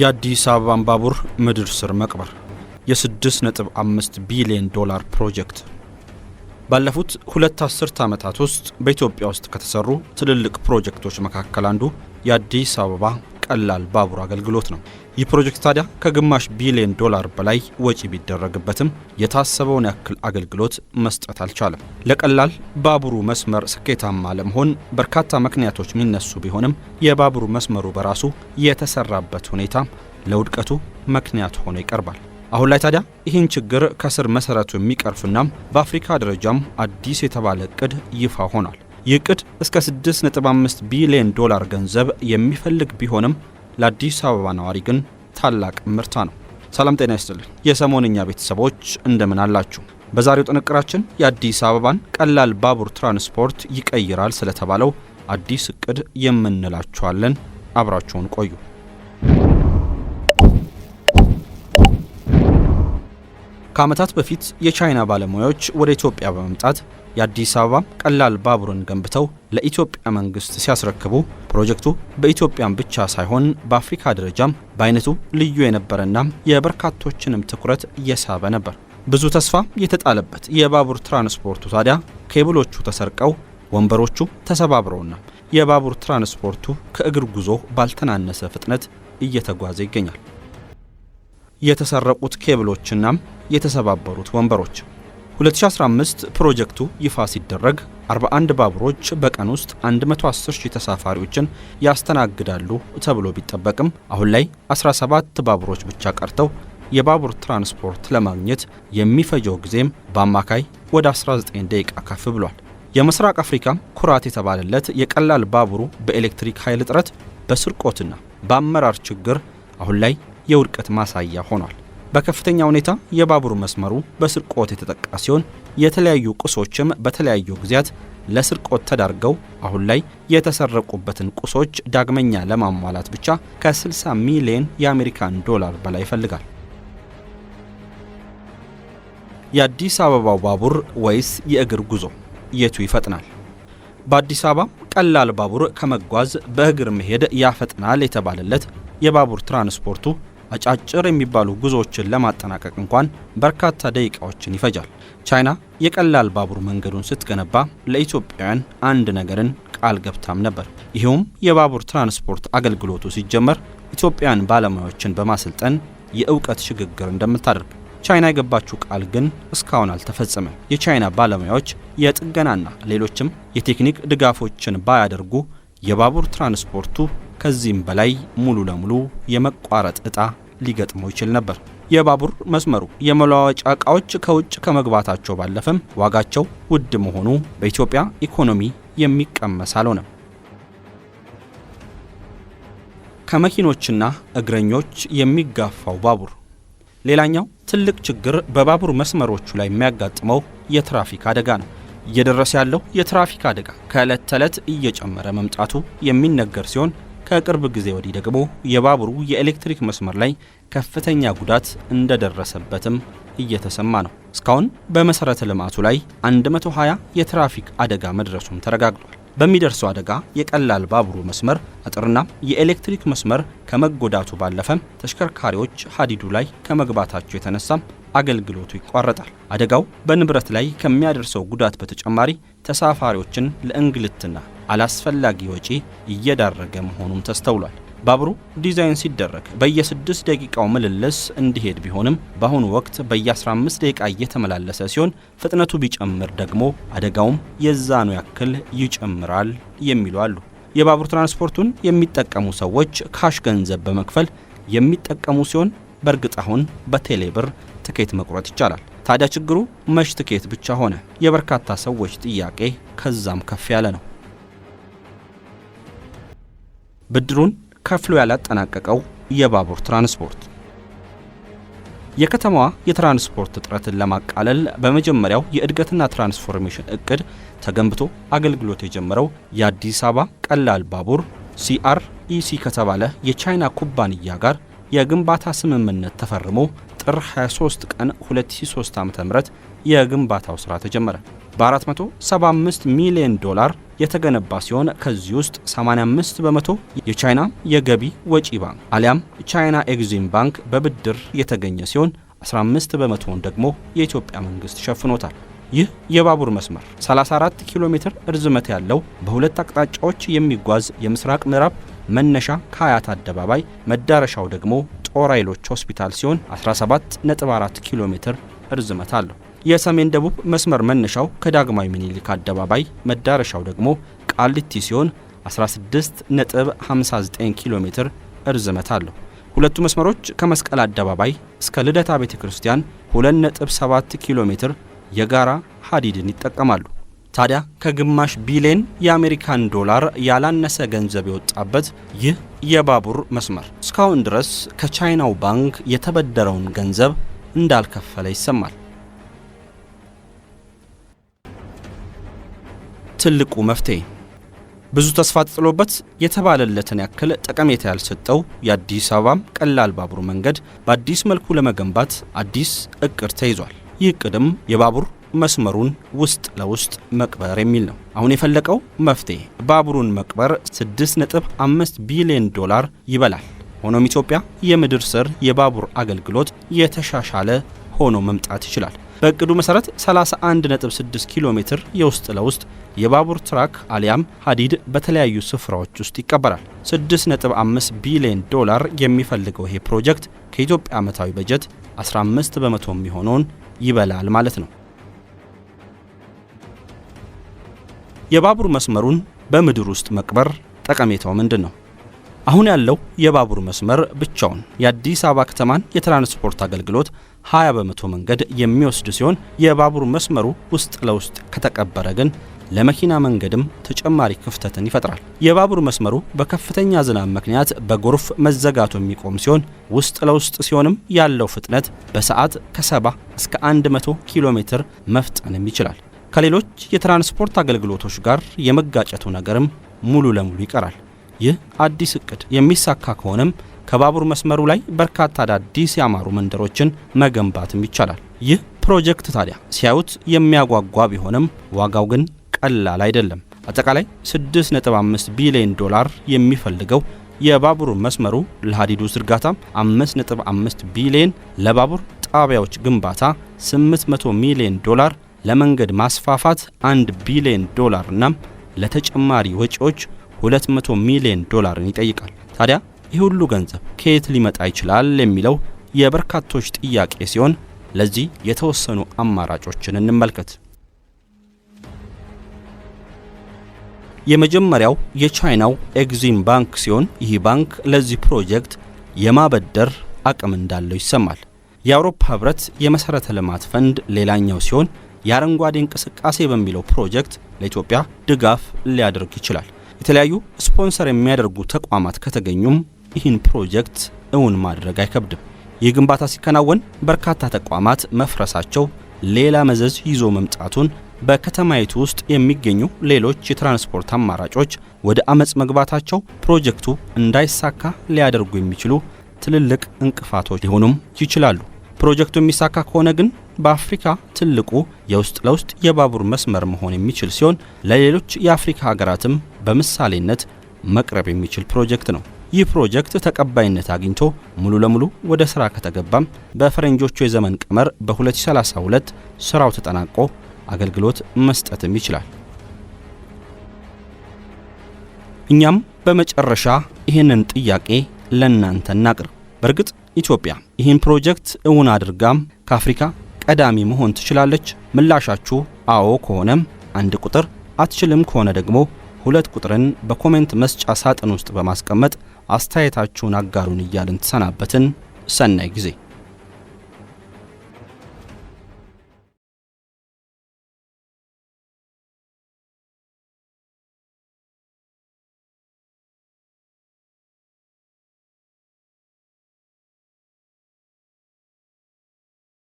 የአዲስ አበባን ባቡር ምድር ስር መቅበር የ6.5 ቢሊዮን ዶላር ፕሮጀክት ባለፉት ሁለት አስርት ዓመታት ውስጥ በኢትዮጵያ ውስጥ ከተሰሩ ትልልቅ ፕሮጀክቶች መካከል አንዱ የአዲስ አበባ ቀላል ባቡር አገልግሎት ነው። ይህ ፕሮጀክት ታዲያ ከግማሽ ቢሊዮን ዶላር በላይ ወጪ ቢደረግበትም የታሰበውን ያክል አገልግሎት መስጠት አልቻለም። ለቀላል ባቡሩ መስመር ስኬታማ ለመሆን በርካታ ምክንያቶች የሚነሱ ቢሆንም የባቡሩ መስመሩ በራሱ የተሰራበት ሁኔታ ለውድቀቱ ምክንያት ሆኖ ይቀርባል። አሁን ላይ ታዲያ ይህን ችግር ከስር መሰረቱ የሚቀርፍና በአፍሪካ ደረጃም አዲስ የተባለ እቅድ ይፋ ሆኗል። ይቅድ እቅድ እስከ 6.5 ቢሊዮን ዶላር ገንዘብ የሚፈልግ ቢሆንም ለአዲስ አበባ ነዋሪ ግን ታላቅ ምርታ ነው። ሰላም ጤና ይስጥልን የሰሞንኛ ቤተሰቦች እንደምን አላችሁ? በዛሬው ጥንቅራችን የአዲስ አበባን ቀላል ባቡር ትራንስፖርት ይቀይራል ስለተባለው አዲስ እቅድ የምንላችኋለን። አብራችሁን ቆዩ። ከዓመታት በፊት የቻይና ባለሙያዎች ወደ ኢትዮጵያ በመምጣት የአዲስ አበባ ቀላል ባቡርን ገንብተው ለኢትዮጵያ መንግስት ሲያስረክቡ ፕሮጀክቱ በኢትዮጵያም ብቻ ሳይሆን በአፍሪካ ደረጃም በአይነቱ ልዩ የነበረና የበርካቶችንም ትኩረት እየሳበ ነበር። ብዙ ተስፋ የተጣለበት የባቡር ትራንስፖርቱ ታዲያ ኬብሎቹ ተሰርቀው ወንበሮቹ ተሰባብረውና የባቡር ትራንስፖርቱ ከእግር ጉዞ ባልተናነሰ ፍጥነት እየተጓዘ ይገኛል። የተሰረቁት ኬብሎችና የተሰባበሩት ወንበሮች 2015 ፕሮጀክቱ ይፋ ሲደረግ 41 ባቡሮች በቀን ውስጥ 110 ሺህ ተሳፋሪዎችን ያስተናግዳሉ ተብሎ ቢጠበቅም አሁን ላይ 17 ባቡሮች ብቻ ቀርተው የባቡር ትራንስፖርት ለማግኘት የሚፈጀው ጊዜም በአማካይ ወደ 19 ደቂቃ ከፍ ብሏል። የምስራቅ አፍሪካ ኩራት የተባለለት የቀላል ባቡሩ በኤሌክትሪክ ኃይል እጥረት፣ በስርቆትና በአመራር ችግር አሁን ላይ የውድቀት ማሳያ ሆኗል። በከፍተኛ ሁኔታ የባቡር መስመሩ በስርቆት የተጠቃ ሲሆን የተለያዩ ቁሶችም በተለያዩ ጊዜያት ለስርቆት ተዳርገው አሁን ላይ የተሰረቁበትን ቁሶች ዳግመኛ ለማሟላት ብቻ ከ60 ሚሊዮን የአሜሪካን ዶላር በላይ ይፈልጋል። የአዲስ አበባው ባቡር ወይስ የእግር ጉዞ የቱ ይፈጥናል? በአዲስ አበባ ቀላል ባቡር ከመጓዝ በእግር መሄድ ያፈጥናል የተባለለት የባቡር ትራንስፖርቱ አጫጭር የሚባሉ ጉዞዎችን ለማጠናቀቅ እንኳን በርካታ ደቂቃዎችን ይፈጃል። ቻይና የቀላል ባቡር መንገዱን ስትገነባ ለኢትዮጵያውያን አንድ ነገርን ቃል ገብታም ነበር። ይኸውም የባቡር ትራንስፖርት አገልግሎቱ ሲጀመር ኢትዮጵያን ባለሙያዎችን በማሰልጠን የእውቀት ሽግግር እንደምታደርግ ቻይና የገባችው ቃል ግን እስካሁን አልተፈጸመም። የቻይና ባለሙያዎች የጥገናና ሌሎችም የቴክኒክ ድጋፎችን ባያደርጉ የባቡር ትራንስፖርቱ ከዚህም በላይ ሙሉ ለሙሉ የመቋረጥ ዕጣ ሊገጥመው ይችል ነበር። የባቡር መስመሩ የመለዋወጫ ዕቃዎች ከውጭ ከመግባታቸው ባለፈም ዋጋቸው ውድ መሆኑ በኢትዮጵያ ኢኮኖሚ የሚቀመስ አልሆነም። ከመኪኖችና እግረኞች የሚጋፋው ባቡር ሌላኛው ትልቅ ችግር በባቡር መስመሮቹ ላይ የሚያጋጥመው የትራፊክ አደጋ ነው። እየደረሰ ያለው የትራፊክ አደጋ ከዕለት ተዕለት እየጨመረ መምጣቱ የሚነገር ሲሆን ከቅርብ ጊዜ ወዲህ ደግሞ የባቡሩ የኤሌክትሪክ መስመር ላይ ከፍተኛ ጉዳት እንደደረሰበትም እየተሰማ ነው። እስካሁን በመሠረተ ልማቱ ላይ 120 የትራፊክ አደጋ መድረሱም ተረጋግጧል። በሚደርሰው አደጋ የቀላል ባቡሩ መስመር አጥርና የኤሌክትሪክ መስመር ከመጎዳቱ ባለፈም ተሽከርካሪዎች ሀዲዱ ላይ ከመግባታቸው የተነሳም አገልግሎቱ ይቋረጣል። አደጋው በንብረት ላይ ከሚያደርሰው ጉዳት በተጨማሪ ተሳፋሪዎችን ለእንግልትና አላስፈላጊ ወጪ እየዳረገ መሆኑም ተስተውሏል። ባቡሩ ዲዛይን ሲደረግ በየ6 ደቂቃው ምልልስ እንዲሄድ ቢሆንም በአሁኑ ወቅት በየ15 ደቂቃ እየተመላለሰ ሲሆን ፍጥነቱ ቢጨምር ደግሞ አደጋውም የዛኑ ያክል ይጨምራል የሚሉ አሉ። የባቡር ትራንስፖርቱን የሚጠቀሙ ሰዎች ካሽ ገንዘብ በመክፈል የሚጠቀሙ ሲሆን በእርግጥ አሁን በቴሌ ብር ትኬት መቁረጥ ይቻላል። ታዲያ ችግሩ መሽ ትኬት ብቻ ሆነ። የበርካታ ሰዎች ጥያቄ ከዛም ከፍ ያለ ነው። ብድሩን ከፍሎ ያላጠናቀቀው የባቡር ትራንስፖርት። የከተማዋ የትራንስፖርት እጥረትን ለማቃለል በመጀመሪያው የእድገትና ትራንስፎርሜሽን እቅድ ተገንብቶ አገልግሎት የጀመረው የአዲስ አበባ ቀላል ባቡር ሲአርኢሲ ከተባለ የቻይና ኩባንያ ጋር የግንባታ ስምምነት ተፈርሞ ጥር 23 ቀን 2003 ዓ.ም የግንባታው ስራ ተጀመረ። በ475 ሚሊዮን ዶላር የተገነባ ሲሆን ከዚህ ውስጥ 85 በመቶ የቻይና የገቢ ወጪ ባንክ አሊያም ቻይና ኤግዚም ባንክ በብድር የተገኘ ሲሆን 15 በመቶውን ደግሞ የኢትዮጵያ መንግስት ሸፍኖታል። ይህ የባቡር መስመር 34 ኪሎ ሜትር እርዝመት ያለው በሁለት አቅጣጫዎች የሚጓዝ የምስራቅ ምዕራብ መነሻ ከሀያት አደባባይ መዳረሻው ደግሞ ጦር ኃይሎች ሆስፒታል ሲሆን 17.4 ኪሎ ሜትር እርዝመት አለው። የሰሜን ደቡብ መስመር መነሻው ከዳግማዊ ምኒልክ አደባባይ መዳረሻው ደግሞ ቃሊቲ ሲሆን 16.59 ኪሎ ሜትር እርዝመት አለው። ሁለቱ መስመሮች ከመስቀል አደባባይ እስከ ልደታ ቤተ ክርስቲያን 2.7 ኪሎ ሜትር የጋራ ሀዲድን ይጠቀማሉ። ታዲያ ከግማሽ ቢሊዮን የአሜሪካን ዶላር ያላነሰ ገንዘብ የወጣበት ይህ የባቡር መስመር እስካሁን ድረስ ከቻይናው ባንክ የተበደረውን ገንዘብ እንዳልከፈለ ይሰማል። ትልቁ መፍትሄ ብዙ ተስፋ ተጥሎበት የተባለለትን ያክል ጠቀሜታ ያልሰጠው የአዲስ አበባም ቀላል ባቡር መንገድ በአዲስ መልኩ ለመገንባት አዲስ እቅድ ተይዟል። ይህ እቅድም የባቡር መስመሩን ውስጥ ለውስጥ መቅበር የሚል ነው። አሁን የፈለቀው መፍትሄ ባቡሩን መቅበር 6.5 ቢሊዮን ዶላር ይበላል። ሆኖም ኢትዮጵያ የምድር ስር የባቡር አገልግሎት የተሻሻለ ሆኖ መምጣት ይችላል። በእቅዱ መሠረት 31.6 ኪሎ ሜትር የውስጥ ለውስጥ የባቡር ትራክ አሊያም ሀዲድ በተለያዩ ስፍራዎች ውስጥ ይቀበራል። 6.5 ቢሊዮን ዶላር የሚፈልገው ይሄ ፕሮጀክት ከኢትዮጵያ ዓመታዊ በጀት 15 በመቶ የሚሆነውን ይበላል ማለት ነው። የባቡር መስመሩን በምድር ውስጥ መቅበር ጠቀሜታው ምንድን ነው? አሁን ያለው የባቡር መስመር ብቻውን የአዲስ አበባ ከተማን የትራንስፖርት አገልግሎት 20 በመቶ መንገድ የሚወስድ ሲሆን የባቡር መስመሩ ውስጥ ለውስጥ ከተቀበረ ግን ለመኪና መንገድም ተጨማሪ ክፍተትን ይፈጥራል። የባቡር መስመሩ በከፍተኛ ዝናብ ምክንያት በጎርፍ መዘጋቱ የሚቆም ሲሆን ውስጥ ለውስጥ ሲሆንም ያለው ፍጥነት በሰዓት ከ70 እስከ 100 ኪሎ ሜትር መፍጠንም ይችላል። ከሌሎች የትራንስፖርት አገልግሎቶች ጋር የመጋጨቱ ነገርም ሙሉ ለሙሉ ይቀራል። ይህ አዲስ እቅድ የሚሳካ ከሆነም ከባቡር መስመሩ ላይ በርካታ አዳዲስ ያማሩ መንደሮችን መገንባትም ይቻላል። ይህ ፕሮጀክት ታዲያ ሲያዩት የሚያጓጓ ቢሆንም ዋጋው ግን ቀላል አይደለም። አጠቃላይ 6.5 ቢሊዮን ዶላር የሚፈልገው የባቡር መስመሩ ለሀዲዱ ዝርጋታ 5.5 ቢሊዮን፣ ለባቡር ጣቢያዎች ግንባታ 800 ሚሊዮን ዶላር፣ ለመንገድ ማስፋፋት 1 ቢሊዮን ዶላር እና ለተጨማሪ ወጪዎች 200 ሚሊዮን ዶላርን ይጠይቃል። ታዲያ ይህ ሁሉ ገንዘብ ከየት ሊመጣ ይችላል የሚለው የበርካቶች ጥያቄ ሲሆን ለዚህ የተወሰኑ አማራጮችን እንመልከት። የመጀመሪያው የቻይናው ኤግዚም ባንክ ሲሆን ይህ ባንክ ለዚህ ፕሮጀክት የማበደር አቅም እንዳለው ይሰማል። የአውሮፓ ህብረት የመሠረተ ልማት ፈንድ ሌላኛው ሲሆን የአረንጓዴ እንቅስቃሴ በሚለው ፕሮጀክት ለኢትዮጵያ ድጋፍ ሊያደርግ ይችላል። የተለያዩ ስፖንሰር የሚያደርጉ ተቋማት ከተገኙም ይህን ፕሮጀክት እውን ማድረግ አይከብድም። ይህ ግንባታ ሲከናወን በርካታ ተቋማት መፍረሳቸው ሌላ መዘዝ ይዞ መምጣቱን በከተማይቱ ውስጥ የሚገኙ ሌሎች የትራንስፖርት አማራጮች ወደ አመፅ መግባታቸው ፕሮጀክቱ እንዳይሳካ ሊያደርጉ የሚችሉ ትልልቅ እንቅፋቶች ሊሆኑም ይችላሉ። ፕሮጀክቱ የሚሳካ ከሆነ ግን በአፍሪካ ትልቁ የውስጥ ለውስጥ የባቡር መስመር መሆን የሚችል ሲሆን ለሌሎች የአፍሪካ ሀገራትም በምሳሌነት መቅረብ የሚችል ፕሮጀክት ነው። ይህ ፕሮጀክት ተቀባይነት አግኝቶ ሙሉ ለሙሉ ወደ ስራ ከተገባም በፈረንጆቹ የዘመን ቀመር በ2032 ስራው ተጠናቆ አገልግሎት መስጠትም ይችላል። እኛም በመጨረሻ ይህንን ጥያቄ ለእናንተ እናቅርብ። በእርግጥ ኢትዮጵያ ይህን ፕሮጀክት እውን አድርጋም ከአፍሪካ ቀዳሚ መሆን ትችላለች? ምላሻችሁ አዎ ከሆነም አንድ ቁጥር፣ አትችልም ከሆነ ደግሞ ሁለት ቁጥርን በኮሜንት መስጫ ሳጥን ውስጥ በማስቀመጥ አስተያየታችሁን አጋሩን እያልን ተሰናበትን። ሰናይ ጊዜ